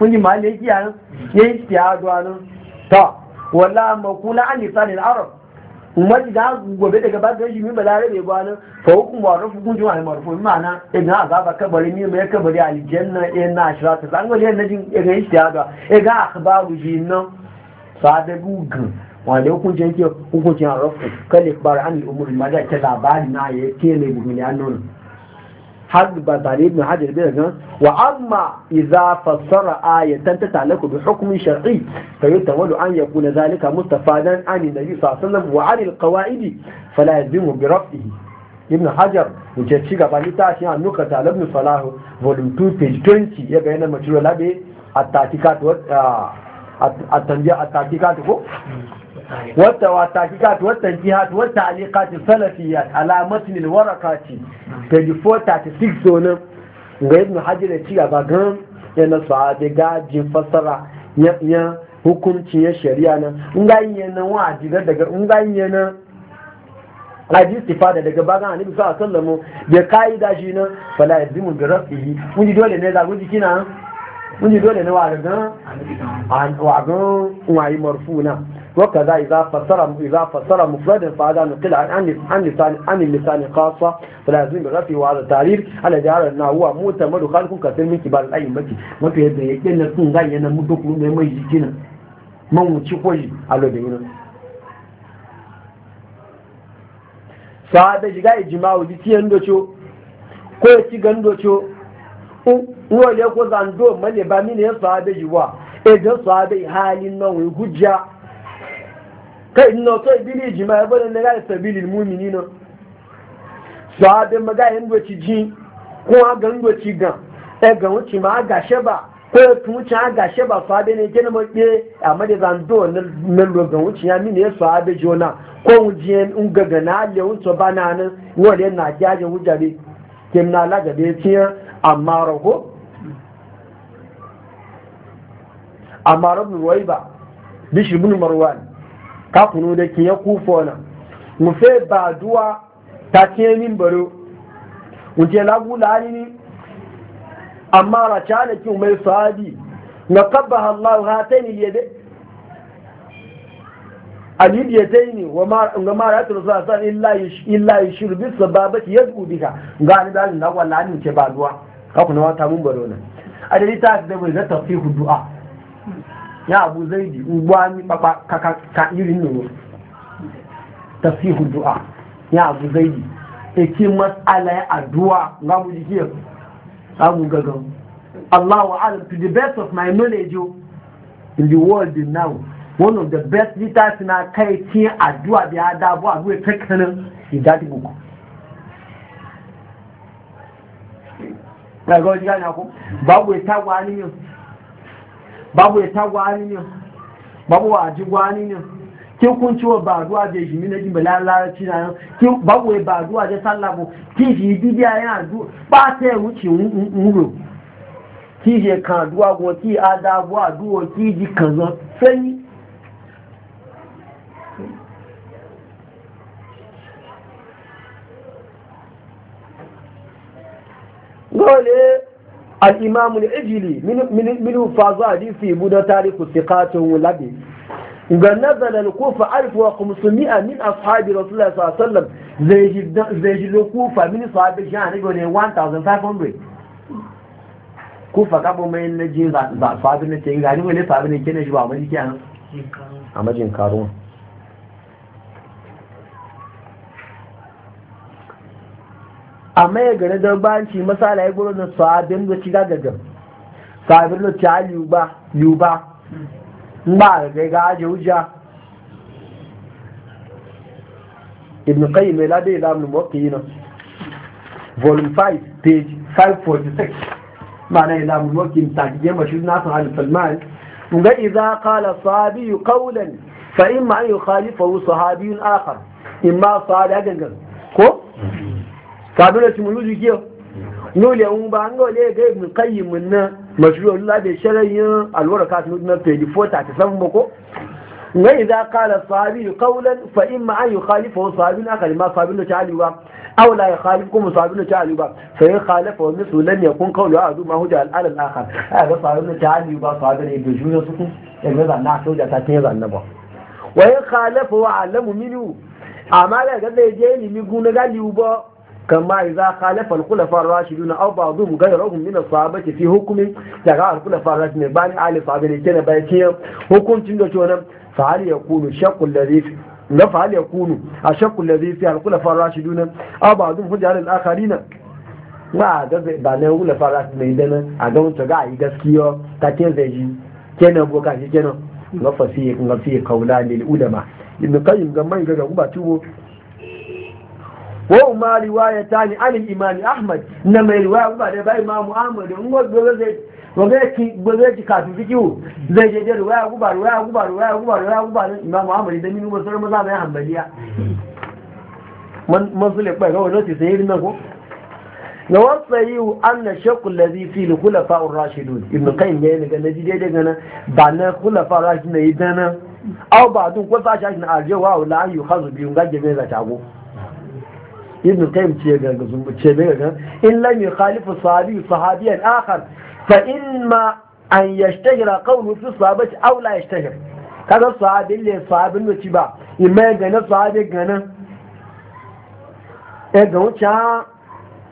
unji mahalli yi tiyadi ya yi wa wani ta wala kula an yi da arab maji ah, ah, e da gobe daga ba da jimi balare bai gwanin fa hukum wa rufu kun jima marfu ma'ana idan azaba kabari ni mai kabari aljanna in na ashrata san gole na jin ga ishtihada e ga akhbaru jinna sadabu gun wanda hukunci yake hukuncin rufu kalif bar an al umur ma da ta labari na yake ne bugun ya nuna حق بطاري ابن حجر بيرجان وأما إذا فسر آية تتعلق بحكم شرعي فيتول أن يكون ذلك مستفادا عن النبي صلى الله عليه وسلم وعن القواعد فلا يلزمه برفعه ابن حجر وجه شيغا بني تاشي عن نكتة ابن صلاح فولوم 2 بيج 20 يبين مجرى لابي التعتيقات آه، التنبيه التعتيقات wata wata kikatu wata jihad wata aliqati salafiyat ala matn alwarakati 3436 zone ga ibn hajji ya ci gaba gan yana ga gajin fasara ya hukunci ya shari'a nan in ga yin yana wa ajiga daga in ga yin yana aji istifada daga bagan annabi sallallahu alaihi wasallam ya kaida shi nan fala yazimu bi rafihi mun dole ne zagu jikina mun dole ne wa ga wa ga wa yi marfuna وكذا إذا فسر إذا فسر مفردا فهذا نقل عن عن لسان عن اللسان خاصة فلازم يلزم وهذا التعليل على جعل أنه هو معتمد خلق كثير من كبار الأئمة ما في هذا يكن نكون غاية نمدك من ما يجينا ما نشوفه على دينا sa'ada shiga ijima'u di tiyan doco ko ya ci gan doco uwa ne ko zando mane ba mini ya sa'ada jiwa idan sa'ada halin nan wai hujja kai ina so ibili jima ya bane na sabili sabilin mumini na so abin maga yin doci ji ko a gan doci ga e ga wuce ma ga sheba ko tu tuce a ga sheba so abin ne ke na ke a zan do na ga wuce ya mini ya so abin jona ko wujiyen in gaga na alle so ba na nan wale na jajin wujare kim na lagabe ya tiya amma amaro amma rabin ruwai ba bishir bin marwan ka kunu da ke ya na mu fe ba duwa ta ce min baro mu ce lagu lani ni amma ra ta da ki mai sa'adi, na qabbaha Allah hatani yade ta yadaini wa ma ga ma ra turu sa illa illa shiru, bi sababati yadu bika ga ni da na wallahi ce ba duwa ka kunu ta mun baro na a da bai da fi du'a ya abu zaidi ugba ni kpakpa ka iri nuru tasihu du'a ya abu zaidi eki mas'ala ya addu'a ga mu jike ga mu gaga Allahu a'lam to the best of my knowledge in the world now one of the best leaders na kai ti addu'a bi adabu abu e fekanin idadi buku Gbàgbọ́ ìjìyà ni a kú, báwo ìtàgbà níyàn babu ya tagwa aniyan babu wa ajigwa aniyan ki kun ci wa baduwa da shi mina jin bala larabci na yan ki babu ya baduwa da sallah ko ki shi bidiya yana du ba ta ya wuce muro ki je kan duwa ko ki adabu aduwa ki ji kazan sanyi Gole الإمام العجلي من من من فازادي في بودا تاريخ ثقاته لبي قال نزل الكوفة 1500 من أصحاب رسول الله صلى الله عليه وسلم زي الكوفة من صحابة جان يقول 1500 كوفة كابو من نجي صحابة نتيجة يعني ولا صحابة نتيجة جوا ما يجي أنا أما جين كارون amma ya gane don banci masala ya gudu da sabin da ci gagaga sabin da ci hali yuba in ba a ga aji hujja ibn kai mai labe zamu mawaki yi nan volume 5 page 546 ma'ana ilamun mawaki ta gige mashi na sun hali salman ga iza kala sabi kaulan fa'in ma'ayi yi khalifa sahabiyun akar in ma su da gangan ko sabi da simon lusi kiyo ni ule un ba ngo le ga ibn qayyim na mashru allah da sharayin alwaraka sun na page 437 boko ne idza qala sabi qawlan fa imma an yukhalifu sabi na kalma sabi na ta'ali ba aw la yukhalifu sabi na ta'ali ba fa in khalafu mithlu lam yakun qawlu azu ma huwa al al akhar aga sabi na ta'ali ba sabi ne da juna su ne ga na so da ta tinya zanna ba wa in khalafu wa alamu minhu amma ga da je ilimi gune kan ma iza khalafa al-khulafa ar-rashiduna aw ba'dhum ghayruhum min as-sahabati fi hukmi daga al-khulafa ar-rashiduna ba'd ali fa'ali kana ba'ti hukuncin da tona fa'ali yakunu shaqqul ladhi la fa'ali yakunu ashaqqul ladhi fi al-khulafa ar-rashiduna aw ba'dhum hujja al-akharina wa dabba ba na wula farat mai da a don ta ga yi gaskiya ta ce zai ji kenan go ka ji kenan na fasiyi na fasiyi kaula lil ulama in kai ga mai ga ku ba tuwo wa umma riwayata ni an imam ahmad na mai riwaya ba da bai imam ahmad in go gobe zai gobe ki gobe ki ka tuki ku zai je riwaya ku ba riwaya ku ba riwaya ku ba riwaya ku ba imam ahmad da minu masar maza mai hanbaliya man man sule ba ga wannan sai irin nan ko na wasayu anna shaqu alladhi fi al kula ar-rashidun ibn qayyim ne ga naji dai daga nan ba na khulafa ar-rashidun ne dana aw ba dun ko sa shi na arjewa wala ayu khazu biyun ga gebe za ta go ibn qayyim ce ga gazun ce ga ga in lam yukhalifu sahabi sahabiyan akhar fa imma an yashtahira qawlu fi sahabati aw la yashtahir kaga sahabin le sahabin ne ci ba imma ga na sahabi ga na e ga wuce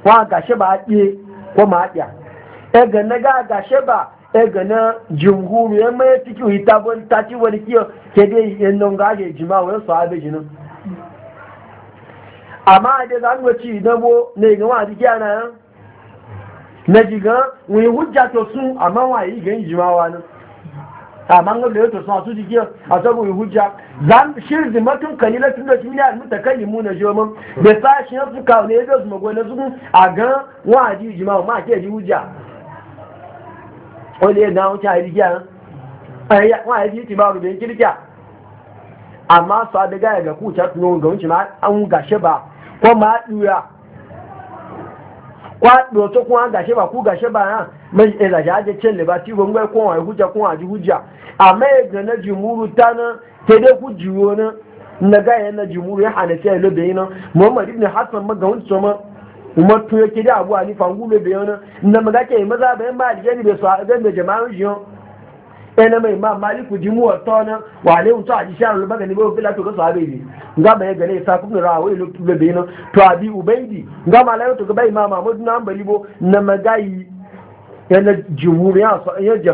wa ga shi ba ɗe ko ma ɗiya e ga na ga ga shi ba e ga na jumhuru yamma ya cikin hitabon ta ci wani kiyo ke dai yin nan ga ga jima'a wani sahabi jinin amma da za mu ci na dabo ne ga wa ji yana na ji jiga wani hujja to su amma wa yi ga jimawa nan amma ga da to su a su jiga a sabu yi hujja zan shirzi matun kalila tun da kimiyya al mu na jomin da sashi na fuka ne da su magwai na su a ga wa ji jimawa ma ke ji hujja wani ya gawo ta yi jiga nan wa ji ti ba rubin kirkiya amma su a daga ya ga kuta tuno ga wuce ma an gashe ba ko ma ɗuya kwa ɗoto kuma gashe ba ku gashe ba ya mai ɗaya e gashe aje cin libati gwangwai kuma wani e hujja kuma aji hujja amma ya e ga na jimuru ta nan ta dai ku jiwo na, na gaya na jimuru ya hanafi ya lobe nan muhammad ibn hassan maga wani tsoma umar tuyo ke da abu hanifa ngulo bayanan na maga ke maza bayan ba a bai su a ɗan da jama'an jiyon ɗaya mai ma maliku ji muwar tonin wale a jishiya na lubaga ne bai fila to kasu abe ne nga mai gane sa kuma rawa wai lokacin da bai nan to abi ubaidi nga ma layo to bai ma mahmud na ambali bo na magayi yana jumhur ya ya ya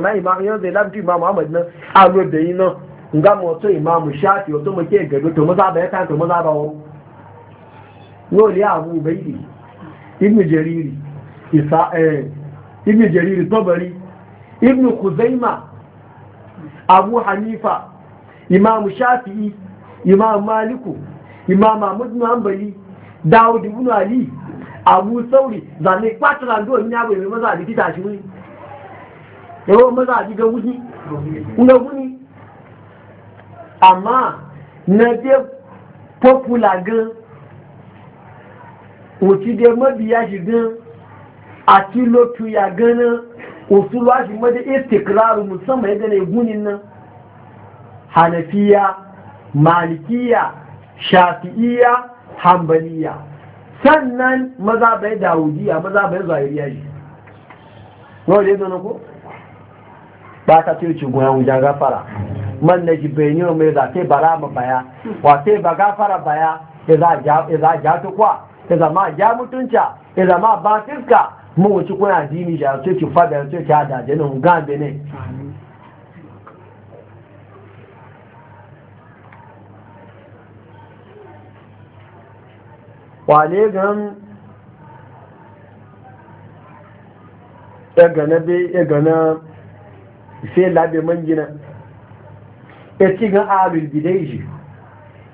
zai lamtu imam muhammad nan a lo da yi nan nga mu to mu ke gado to ibnu eh, abu hanifa imam shafi'i imam maliku imam ahmad bin hanbali dawud ibn ali abu sauri zane kwatara ndo ni abu mai maza da kita shi wuri yawo maza da ga wuri ga wuri amma na je popular gan wuci de mabiya shi gan a kilo tuya ganin usulwa shi madi istikraru musamman yadda ne gunin nan hanafiya malikiya shafi'iya hambaliya sannan maza bai dawudiya maza bai zahiriya shi wọ́n lè dọ́nà kó ba ta ce ci goyon wujan gafara man na jibeni o mai zate bara ma baya wate ba gafara baya ya za ja to kwa ya zama ja mutunca ya zama ba tiska mun wuce kuna addini da sai ki fada sai ki hada da nan ga da ne wale gan ya gana be ya gana sai labe man gina ya ci ga arul bidaiji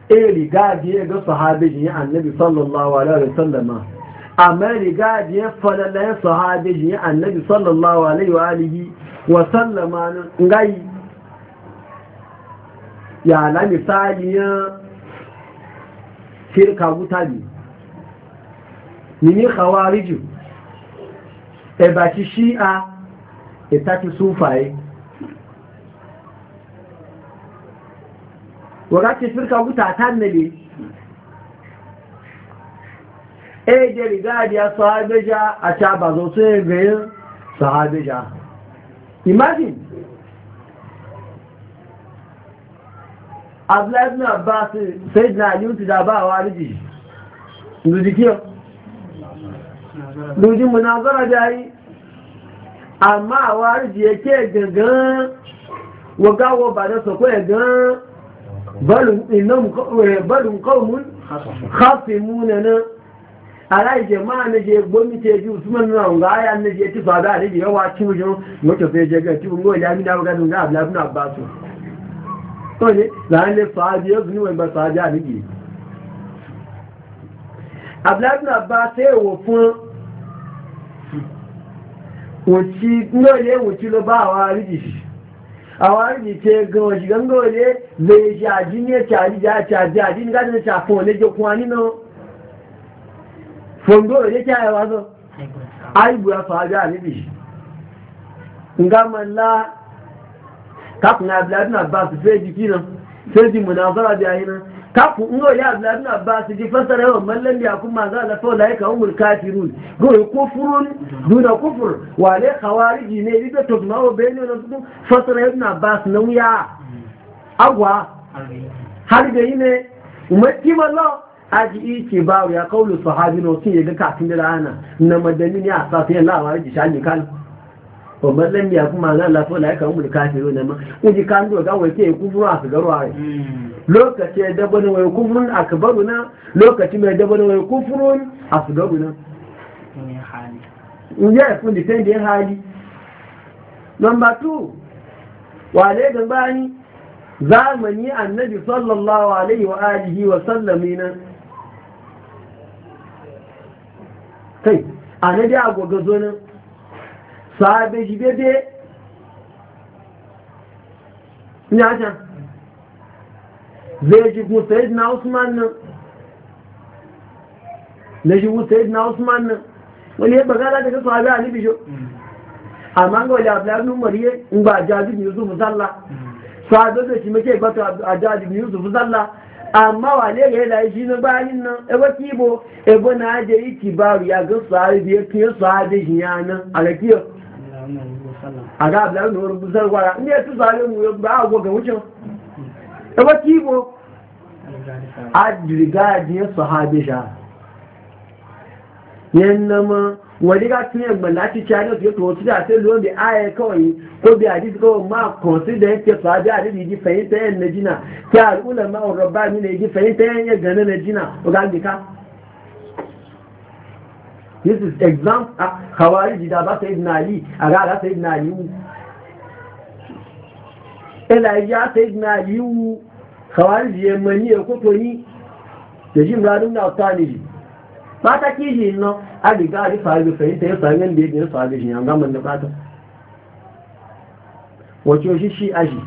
e riga ga ga sahabi ya annabi sallallahu alaihi wasallama amma riga da ya falala ya sahabe shi ya annabi sallallahu alaihi wa alihi wa sallama ngai ya na misali ya shirka wuta ne mini khawariju e ba ci shi'a e ta ci sufaye wakati shirka wuta ta nabi ege rigadiya sahabeja a ca ba zo sai gayin sahabeja imagine abdullahi ibn abbas sai na yi da ba wa riji luji kiyo luji munazara da yi amma a wa riji yake gangan wagawo ba da sakwai gan balin kawun hasimuna na aláìjẹ máa ní ṣe gbómi tí ejú túnmọ̀ náà ń gáyà ní ṣe tí fàbá àríbi yọ́wà tí ó yún mọ́tò fẹ́ jẹ́gẹ̀ tí ó ń gbọ́ọ̀lẹ́ amínárúgájú ń gáàbí lábúnà àbáṣọ tó ní láàrín lè fàájì ó gbìnúwẹ̀ gbà fàájì àríbi àbúlábúnà bá tẹ́ èwò fún òtí náà òtí ló bá àwọn àríbi àwọn àríbi tẹ gan òṣìgbọ́n gbọ́ọ̀lẹ́ lè ṣe àjí ní ẹ̀ṣẹ̀ àjíjà àti àjí àjí nígbàdínlẹ̀ ṣàfihàn lẹ́jọ́ wa nínú fondoro yake a yawa zo aibu ya faru a nibi gamalla kafin abdullahi na ba su sai jiki nan sai ji munazara da yayi nan kafin ngo ya abdullahi na ba su ji fasara yawan oh, mallan da kuma za la fa laika umul kafirun go kufrun duna kufur wa la khawariji ne da to ma wa bayne nan su fasara ibn abbas nan ya agwa har da yine umma kimalo aji ike ba ya kaulu sahabi no sun yaga kafin da rana na madani ne a safiyan lawa ji shani kan o mallan ya kuma na Allah fa laika umul yau ne ma uji kan do ga wai ke kufuru a su ai hmm. lokaci da bane wai kufurun akbaru na lokaci mai da bane wai kufurun a su na ne hali ya fun di da hali number 2 wale gambani zamani annabi sallallahu alaihi wa alihi wa kai a na da agogo zonin sahabe shi bebe ya can zai ji musayid na usman nan na shi musayid na usman nan wani yadda gada daga sahabe a libisho amma ga wani abu ya nun mariye in ba a jazib yusuf zalla mm. sahabe zai shi mace ba ta a jazib yusuf zalla amma wane ne ga yadda shi na bayin nan ebo kibo ebo na aje yi kibaru ya ga sahabi biyar tun ya sahabi shi ya nan a ga kiyo a ga abu da wani busar ya tu sahabi mu ya ba wucin kibo a e, ya sahabi wani ga tun yamma lati china su yato wasu da sai luwan bi aya kawai ko bi hadis kawai ma konsi yake su abi hadis yi fahimta yan na jina ki al'ula ma on rabba mi yi fahimta yan ya gane na jina o ga ka this is example a ah, khawarij da ba sai na ali a ga da sai na ali ila ya sai na ali khawarij yamani ko to ni da jin radun na fata kiji no a diga a rifa ga ya sami yadda ya gina sami shi yanga fata wace shi shi aji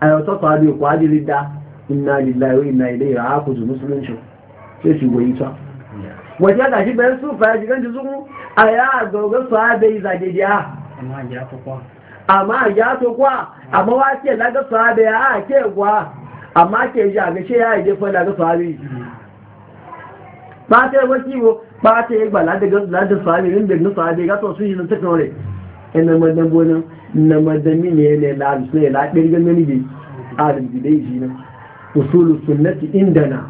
a yau ta sami ku aji inna lillahi wa inna ilaihi raji'un musulunci shi goyi ta shi su fara jigan ji zuku a ya gogon su a amma ya to kwa amma wa ke a ke kwa amma ke ya ba ta yawa kiwo ba ta yi ba ladaga ladaga sami rin birnin sami ga to su yi nan takan wale ina madan gonan na madami ne ne la su ne la dirgan nan bi arziki dai shi nan usulu sunnati na,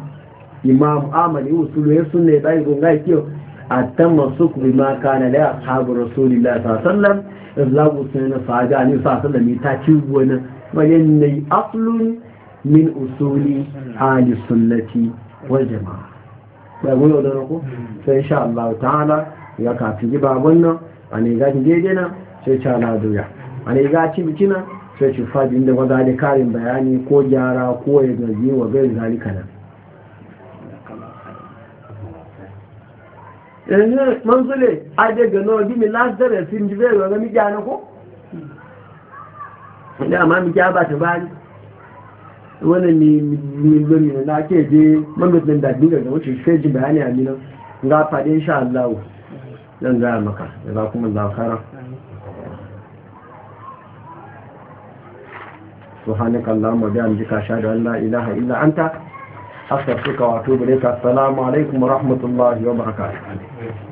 imam amali usulu ya sunne bai gonga kiyo atamma suku bima kana da ashabu rasulillahi sallallahu alaihi wasallam izlabu sunna sahaja ni sallallahu alaihi wasallam ta ci gonan bayan ne aslun min usuli ahli sunnati wal jamaa da goyo da rako sai insha Allah ta'ala ya fi ba wannan a ga ga daidai na sai cha na doya a ga ci bikina sai ci fadi inda wanda da karin bayani ko gyara ko ya gaji wa gai zalika nan yanzu manzule a daga nawa gimi lasdare sun ji bai ga mi gyana ko da amma miki ba ta bani wani milomi na ake je mamitin da biyar da wuce sai ji bayani a milo ga faɗin sha Allah zan zaya maka da za kuma lafara su hannun kallon mu biya mujika sha da ilaha illa an ta asar suka wato bude ka salamu rahmatullahi wa barakatuh